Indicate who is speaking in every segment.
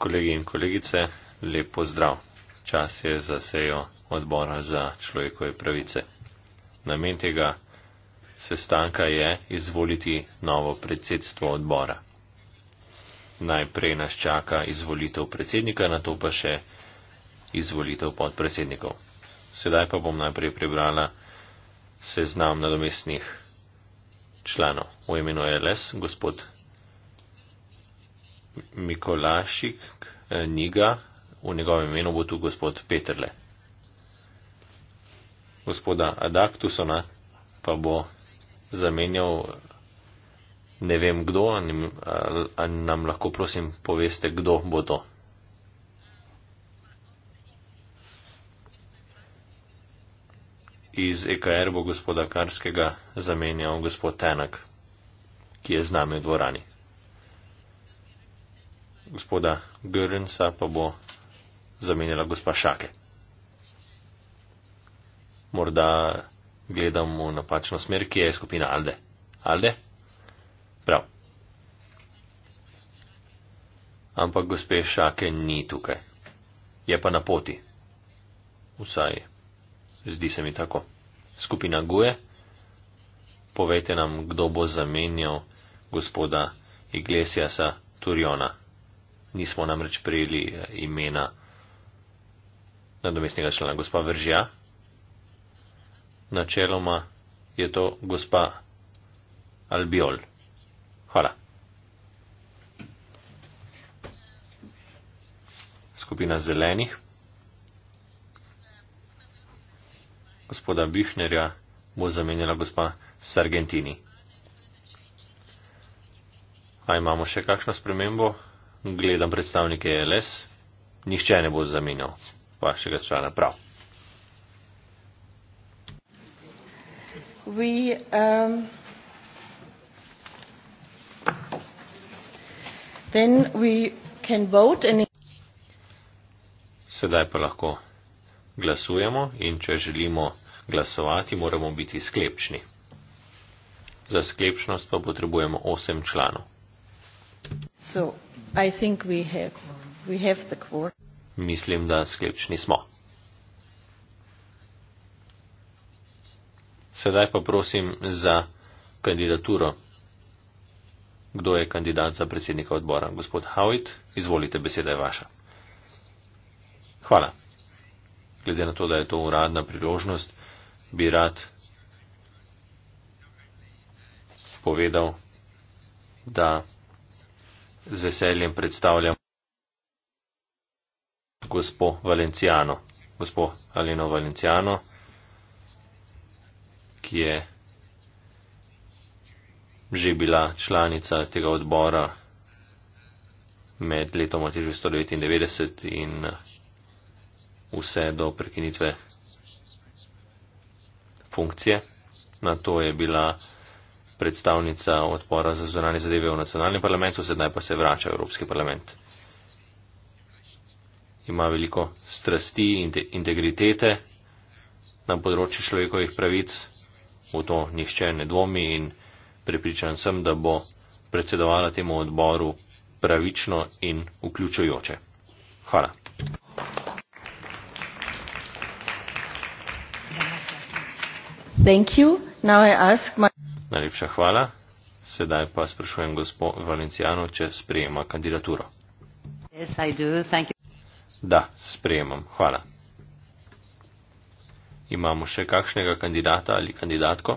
Speaker 1: Kolegi in kolegice, lepo zdrav. Čas je za sejo odbora za človekove pravice. Namen tega sestanka je izvoliti novo predsedstvo odbora. Najprej nas čaka izvolitev predsednika, na to pa še izvolitev podpredsednikov. Sedaj pa bom najprej prebrala seznam nadomestnih članov. V imenu LS, gospod Mikolašik, eh, Niga, v njegovem imenu bo tu gospod Peterle. Gospoda Adaktusona pa bo zamenjal ne vem kdo, ali nam lahko prosim poveste, kdo bo to. Iz EKR bo gospoda Karskega zamenjal gospod Tenak, ki je z nami v dvorani gospoda Görnsa pa bo zamenjala gospa Šake. Morda gledam v napačno smer, ki je skupina Alde. Alde? Prav. Ampak gospe Šake ni tukaj. Je pa na poti. Vsaj, zdi se mi tako. Skupina Guje? Povejte nam, kdo bo zamenjal gospoda Iglesiasa Turiona nismo namreč prijeli eh, imena nadomestnega člana. Gospa Veržja, načeloma je to gospa Albiol. Hvala. Skupina zelenih. Gospoda Bihnerja bo zamenjala gospa Sargentini. A imamo še kakšno spremembo? gledam predstavnike LS, nihče ne bo zamenjal vašega člana prav.
Speaker 2: We, um, then we can vote and...
Speaker 1: Sedaj pa lahko glasujemo in če želimo glasovati, moramo biti sklepčni. Za sklepčnost pa potrebujemo osem članov. Mislim, da sklepčni smo. Sedaj pa prosim za kandidaturo. Kdo je kandidat za predsednika odbora? Gospod Howitt, izvolite, beseda je vaša. Hvala. Glede na to, da je to uradna priložnost, bi rad povedal, da z veseljem predstavljam gospo Valenciano, gospo Alino Valenciano, ki je že bila članica tega odbora med letom 1999 in vse do prekinitve funkcije. Na to je bila predstavnica odpora za zunanje zadeve v nacionalnem parlamentu, sedaj pa se vrača v Evropski parlament. Ima veliko strasti in integritete na področju človekovih pravic, v to nihče ne dvomi in prepričan sem, da bo predsedovala temu odboru pravično in vključujoče. Hvala.
Speaker 2: Thank you. Now I ask my
Speaker 1: Najlepša hvala. Sedaj pa sprašujem gospod Valencijano, če sprejema kandidaturo. Yes, da, sprejemam. Hvala. Imamo še kakšnega kandidata ali kandidatko?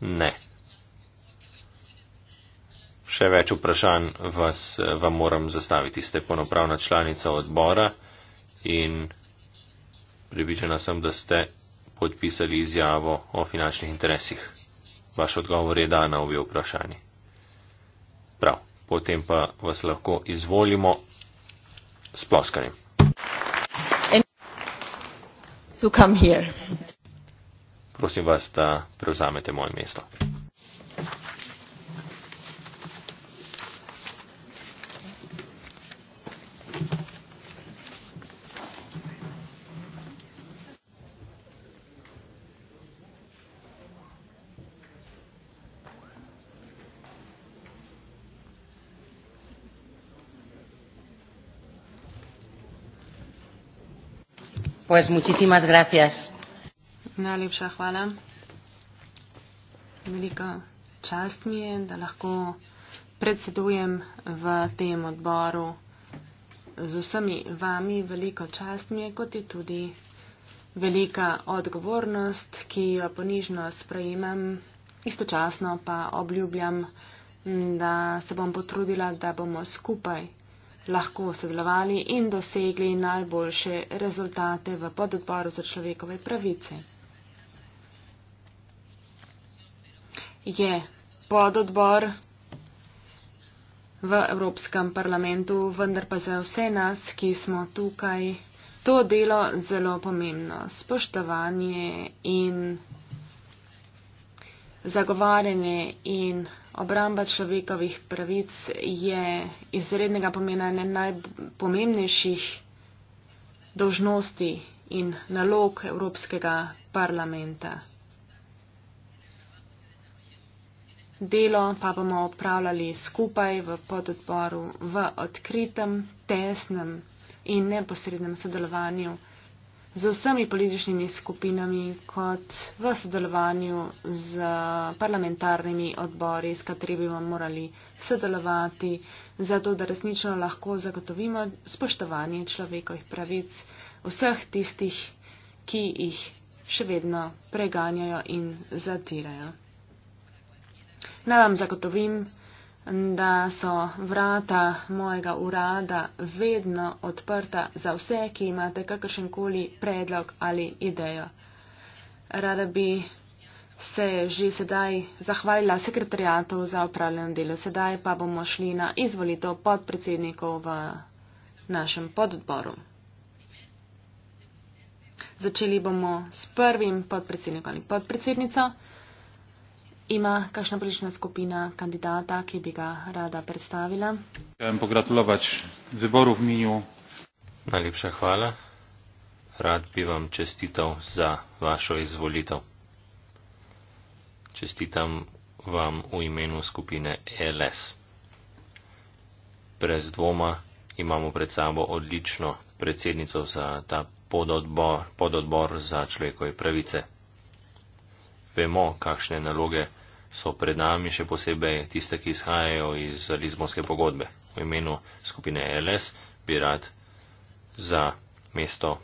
Speaker 1: Ne. Še več vprašanj vas, vam moram zastaviti. Ste ponopravna članica odbora in pribičena sem, da ste podpisali izjavo o finančnih interesih. Vaš odgovor je da na obi vprašanji. Prav, potem pa vas lahko izvolimo s ploskanjem. Prosim vas, da prevzamete moje mesto.
Speaker 3: Pues muchísimas gracias.
Speaker 2: Najlepša hvala. Velika čast mi je, da lahko predsedujem v tem odboru z vsemi vami. Veliko čast mi je, kot je tudi velika odgovornost, ki jo ponižno sprejemam. Istočasno pa obljubljam, da se bom potrudila, da bomo skupaj lahko sodelovali in dosegli najboljše rezultate v pododboru za človekove pravice. Je pododbor v Evropskem parlamentu, vendar pa za vse nas, ki smo tukaj, to delo zelo pomembno. Spoštovanje in zagovarjanje in obramba človekovih pravic je izrednega pomena ene najpomembnejših dožnosti in nalog Evropskega parlamenta. Delo pa bomo opravljali skupaj v pododboru v odkritem, tesnem in neposrednem sodelovanju z vsemi političnimi skupinami, kot v sodelovanju z parlamentarnimi odbori, s katerimi bomo morali sodelovati, zato da resnično lahko zagotovimo spoštovanje človekovih pravic vseh tistih, ki jih še vedno preganjajo in zatirajo. Naj vam zagotovim da so vrata mojega urada vedno odprta za vse, ki imate kakršenkoli predlog ali idejo. Rada bi se že sedaj zahvalila sekretarijatu za upravljeno delo. Sedaj pa bomo šli na izvolitev podpredsednikov v našem pododboru. Začeli bomo s prvim podpredsednikom ali podpredsednico. Ima kakšna politična skupina kandidata, ki bi ga rada predstavila?
Speaker 1: Najlepša hvala. Rad bi vam čestital za vašo izvolitev. Čestitam vam v imenu skupine LS. Brez dvoma imamo pred sabo odlično predsednico za ta pododbor, pododbor za človekove pravice. Vemo, kakšne naloge so pred nami še posebej tiste, ki izhajajo iz Lizbonske pogodbe. V imenu skupine LS bi rad za mesto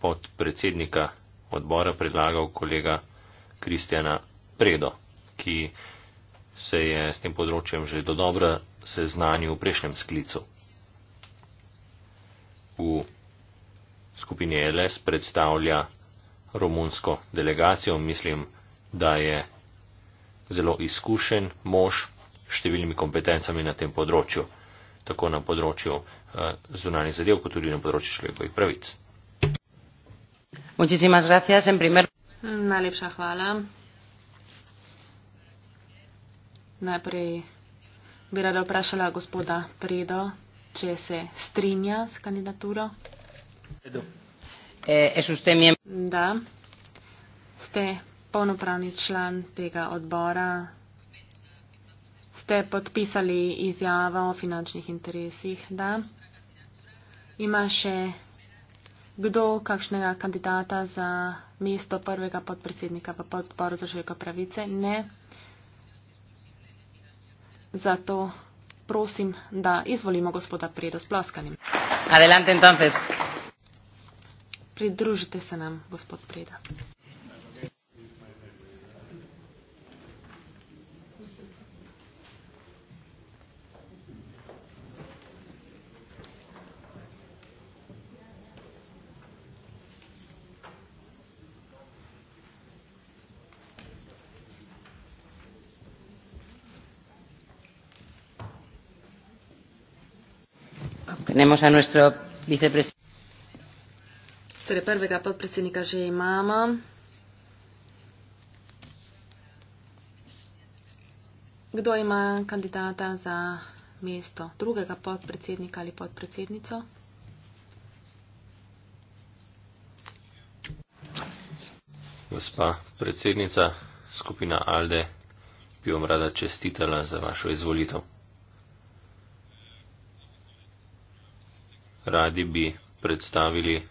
Speaker 1: podpredsednika odbora predlagal kolega Kristjana Predo, ki se je s tem področjem že do dobro seznanil v prejšnjem sklicu. V skupini LS predstavlja romunsko delegacijo, mislim, da je zelo izkušen mož s številnimi kompetencami na tem področju, tako na področju eh, zunanih zadev, kot tudi na področju človekovih pravic.
Speaker 2: Najlepša hvala. Najprej bi rada vprašala gospoda Predo, če se strinja s kandidaturo.
Speaker 3: Predo. Eh, es usted miembro.
Speaker 2: Da. Ste polnopravni član tega odbora, ste podpisali izjavo o finančnih interesih, da ima še kdo kakšnega kandidata za mesto prvega podpredsednika v podporu za človekove pravice? Ne. Zato prosim, da izvolimo gospoda Predo s ploskanjem. Adelante, entonces. Pridružite se nam, gospod Preda.
Speaker 3: Tenemos a nuestro vicepresidente.
Speaker 2: Torej, Kdo ima kandidata za mesto drugega podpredsednika ali podpredsednico?
Speaker 1: Gospa predsednica, skupina Alde, bi vam rada čestitala za vašo izvolitev. radi bi predstavili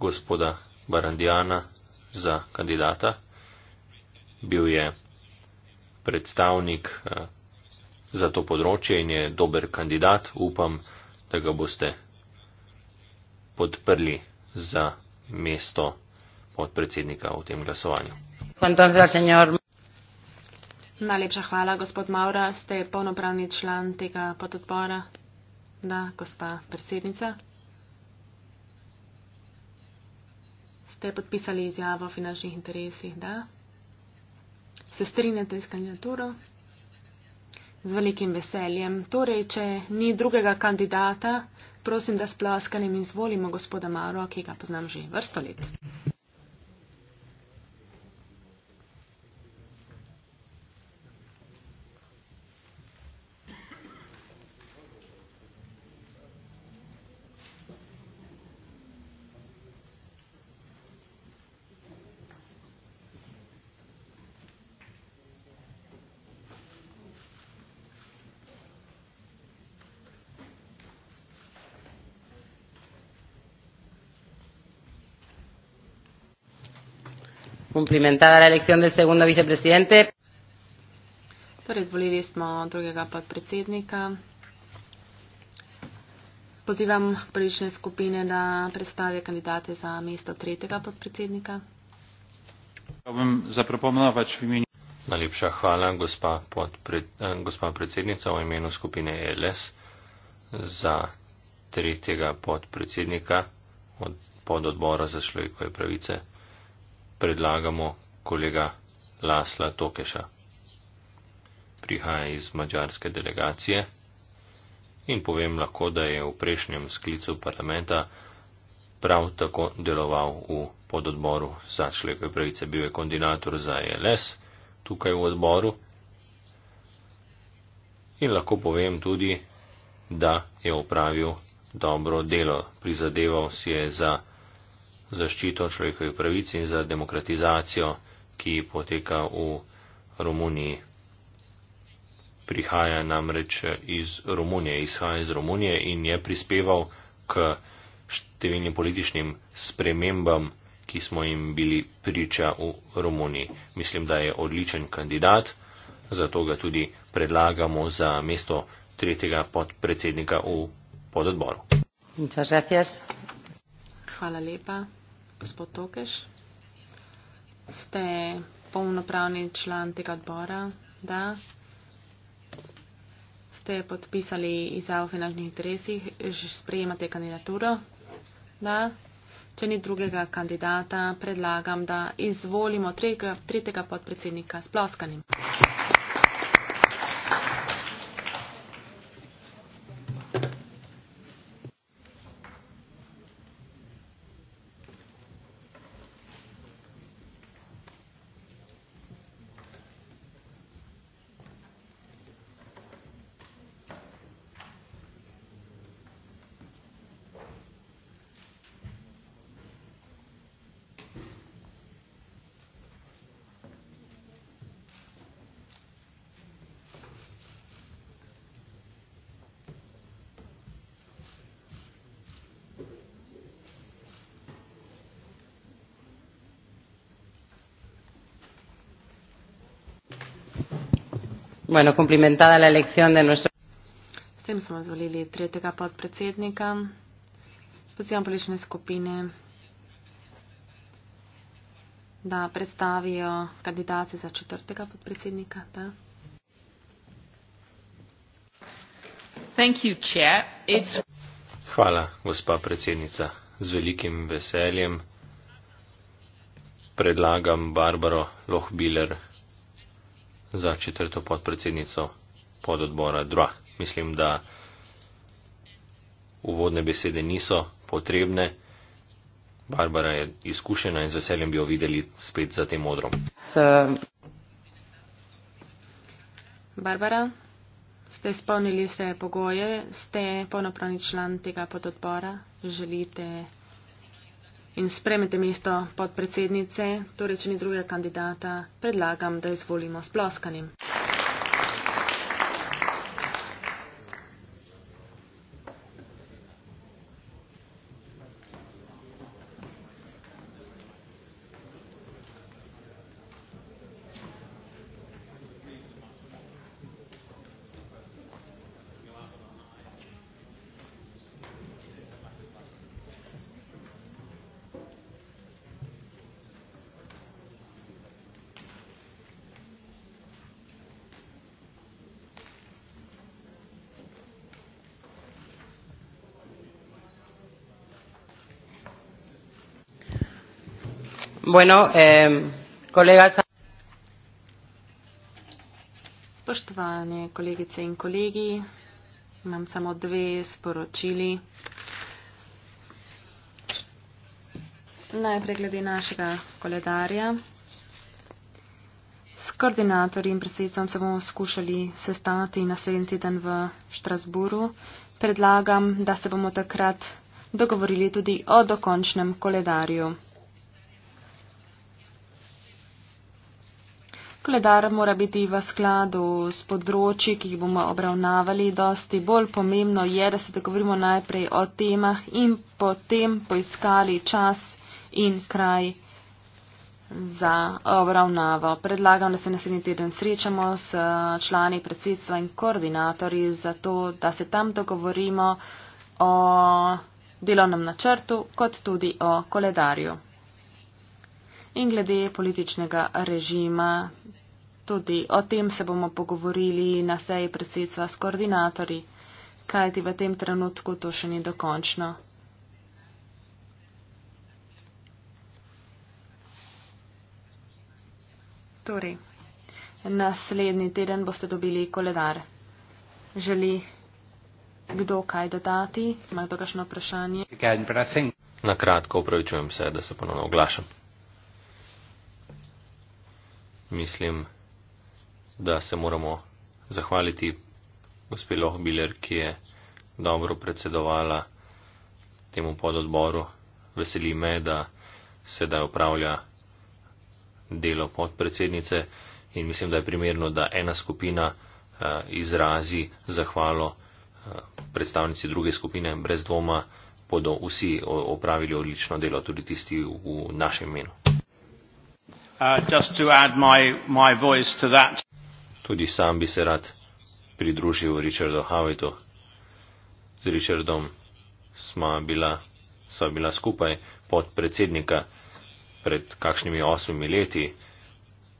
Speaker 1: gospoda Barandijana za kandidata. Bil je predstavnik eh, za to področje in je dober kandidat. Upam, da ga boste podprli za mesto podpredsednika v tem glasovanju.
Speaker 3: Entonces, señor.
Speaker 2: Najlepša hvala, gospod Maura. Ste polnopravni član tega pododbora? Da, gospa predsednica. Ste podpisali izjavo o finančnih interesih? Da. Se strinjate s kandidaturo? Z velikim veseljem. Torej, če ni drugega kandidata, prosim, da s ploskanjem izvolimo gospoda Mauro, ki ga poznam že vrsto let.
Speaker 3: cumplimentada la elección del segundo vicepresidente.
Speaker 2: Torej, zvolili smo drugega podpredsednika. Pozivam politične skupine, da predstavijo kandidate za mesto tretjega podpredsednika.
Speaker 1: Ja Najlepša hvala, gospa, podpred, eh, gospa predsednica, v imenu skupine e LS za tretjega podpredsednika od, pod odbora za človekove pravice predlagamo kolega Lasla Tokeša. Prihaja iz mađarske delegacije in povem lahko, da je v prejšnjem sklicu parlamenta prav tako deloval v pododboru za človekove pravice. Bil je koordinator za ELS tukaj v odboru in lahko povem tudi, da je opravil dobro delo, prizadeval si je za zaščito človekovih pravic in za demokratizacijo, ki poteka v Romuniji. Prihaja namreč iz Romunije, izhaja iz Romunije in je prispeval k številnim političnim spremembam, ki smo jim bili priča v Romuniji. Mislim, da je odličen kandidat, zato ga tudi predlagamo za mesto tretjega podpredsednika v pododboru.
Speaker 3: Muchas gracias.
Speaker 2: Hvala lepa, gospod Tokeš. Ste polnopravni član tega odbora? Da. Ste podpisali izjavo o finančnih interesih, že sprejemate kandidaturo? Da. Če ni drugega kandidata, predlagam, da izvolimo tretjega podpredsednika s ploskanjem.
Speaker 3: bueno, cumplimentada la elección de nuestro.
Speaker 2: Sem smo izvolili tretjega podpredsednika socialno-politične skupine, da predstavijo kandidacije za četrtega podpredsednika. Da.
Speaker 1: You, Hvala, gospa predsednica. Z velikim veseljem predlagam Barbaro Lohbiler za četrto podpredsednico pododbora Drah. Mislim, da uvodne besede niso potrebne. Barbara je izkušena in z veseljem bi jo videli spet za tem odrom. S...
Speaker 2: Barbara, ste izpolnili vse pogoje, ste polnopravni član tega pododbora, želite in spremete mesto podpredsednice, torej če ni drugega kandidata, predlagam, da izvolimo s ploskanjem.
Speaker 3: Bueno, eh,
Speaker 2: kolega... Spoštovane kolegice in kolegi, imam samo dve sporočili. Najprej glede našega koledarja. S koordinatorji in predsednikom se bomo skušali sestati naslednji teden v Štrasburu. Predlagam, da se bomo takrat dogovorili tudi o dokončnem koledarju. Koledar mora biti v skladu s področji, ki jih bomo obravnavali. Dosti bolj pomembno je, da se dogovorimo najprej o temah in potem poiskali čas in kraj za obravnavo. Predlagam, da se naslednji teden srečamo s člani predsedstva in koordinatorji za to, da se tam dogovorimo o delovnem načrtu kot tudi o koledarju in glede političnega režima. Tudi o tem se bomo pogovorili na seji predsedstva s koordinatorji, kajti v tem trenutku to še ni dokončno. Torej, naslednji teden boste dobili koledar. Želi kdo kaj dodati? Ima kdo kakšno vprašanje?
Speaker 1: Na kratko upravičujem se, da se ponovno oglašam mislim, da se moramo zahvaliti gospelo Hbiler, ki je dobro predsedovala temu pododboru. Veseli me, da sedaj upravlja delo podpredsednice in mislim, da je primerno, da ena skupina eh, izrazi zahvalo eh, predstavnici druge skupine. Brez dvoma bodo vsi opravili odlično delo, tudi tisti v našem imenu. Uh, Tudi sam bi se rad pridružil Richardu Havitu. Z Richardom sva bila, sva bila skupaj pod predsednika pred kakšnimi osmimi leti.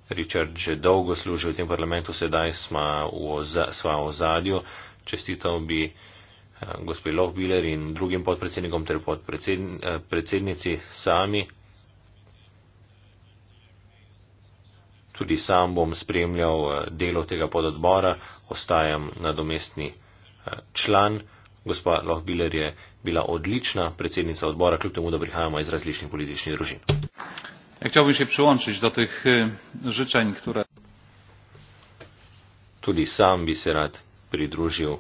Speaker 1: Richard že dolgo služi v tem parlamentu, sedaj sva v, oza, sva v zadju. Čestitav bi eh, gospod Lohbiler in drugim podpredsednikom ter podpredsednici eh, sami. Tudi sam bom spremljal eh, delo tega pododbora, ostajam nadomestni eh, član. Gospa Lohbiler je bila odlična predsednica odbora, kljub temu, da prihajamo iz različnih političnih družin. Htjel bi še priložiti do teh žičanj, ktore. Tudi sam bi se rad pridružil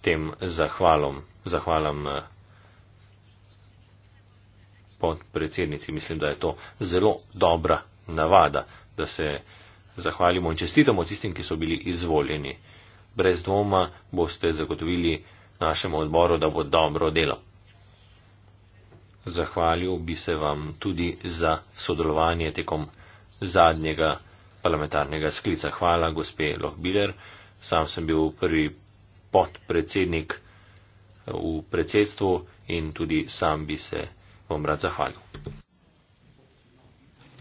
Speaker 1: tem zahvalom, zahvalam e, podpredsednici. Mislim, da je to zelo dobra navada da se zahvalimo in čestitamo tistim, ki so bili izvoljeni. Brez dvoma boste zagotovili našemu odboru, da bo dobro delo. Zahvalil bi se vam tudi za sodelovanje tekom zadnjega parlamentarnega sklica. Hvala, gospe Lohbiler. Sam sem bil prvi podpredsednik eh, v predsedstvu in tudi sam bi se vam rad zahvalil.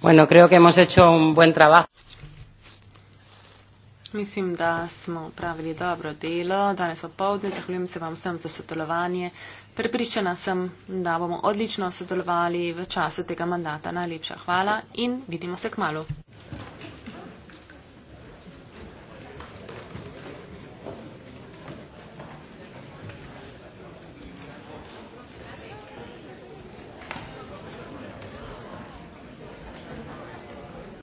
Speaker 3: Bueno, creo que hemos hecho un buen trabajo.
Speaker 2: Mislim, da smo pravili dobro delo. Danes popovdne zahvaljujem se vam vsem za sodelovanje. Prepričana sem, da bomo odlično sodelovali v času tega mandata. Najlepša hvala in vidimo se k malu.